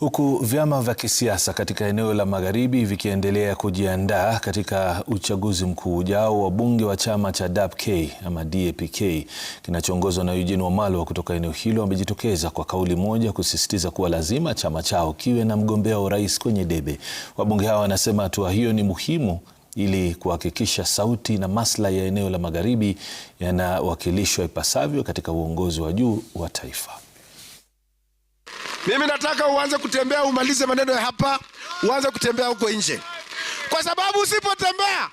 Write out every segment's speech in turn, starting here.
Huku vyama vya kisiasa katika eneo la Magharibi vikiendelea kujiandaa katika uchaguzi mkuu ujao, wabunge wa chama cha DAP-K ama DAP-K kinachoongozwa na Eugene Wamalwa kutoka eneo hilo wamejitokeza kwa kauli moja kusisitiza kuwa lazima chama chao kiwe na mgombea wa urais kwenye debe. Wabunge hawa wanasema hatua hiyo ni muhimu ili kuhakikisha sauti na maslahi ya eneo la Magharibi yanawakilishwa ipasavyo katika uongozi wa juu wa taifa. Mimi nataka uanze kutembea, umalize maneno ya hapa, uanze kutembea huko nje, kwa sababu usipotembea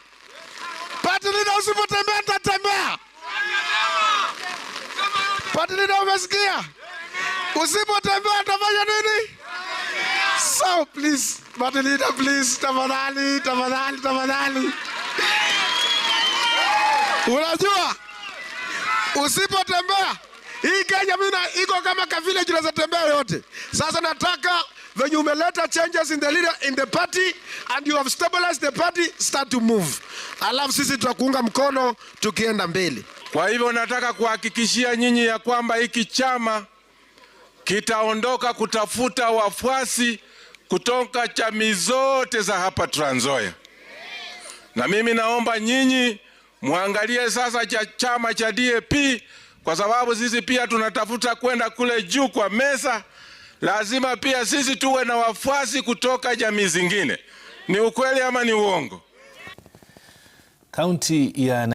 patilida, usipotembea nitatembea. Patilida, umesikia? Usipotembea nitafanya nini? So please patilida, please, tafadhali, tafadhali, tafadhali. Unajua usipotembea hii Kenya mimi iko kama kavile jina zatembea yote. Sasa nataka when you umeleta changes in the leader in the party and you have stabilized the party start to move. Alafu sisi tutakuunga mkono tukienda mbele. Kwa hivyo nataka kuhakikishia nyinyi ya kwamba hiki chama kitaondoka kutafuta wafuasi kutoka chami zote za hapa Trans Nzoia, na mimi naomba nyinyi muangalie sasa cha chama cha DAP kwa sababu sisi pia tunatafuta kwenda kule juu kwa meza. Lazima pia sisi tuwe na wafuasi kutoka jamii zingine. Ni ukweli ama ni uongo? Kaunti ya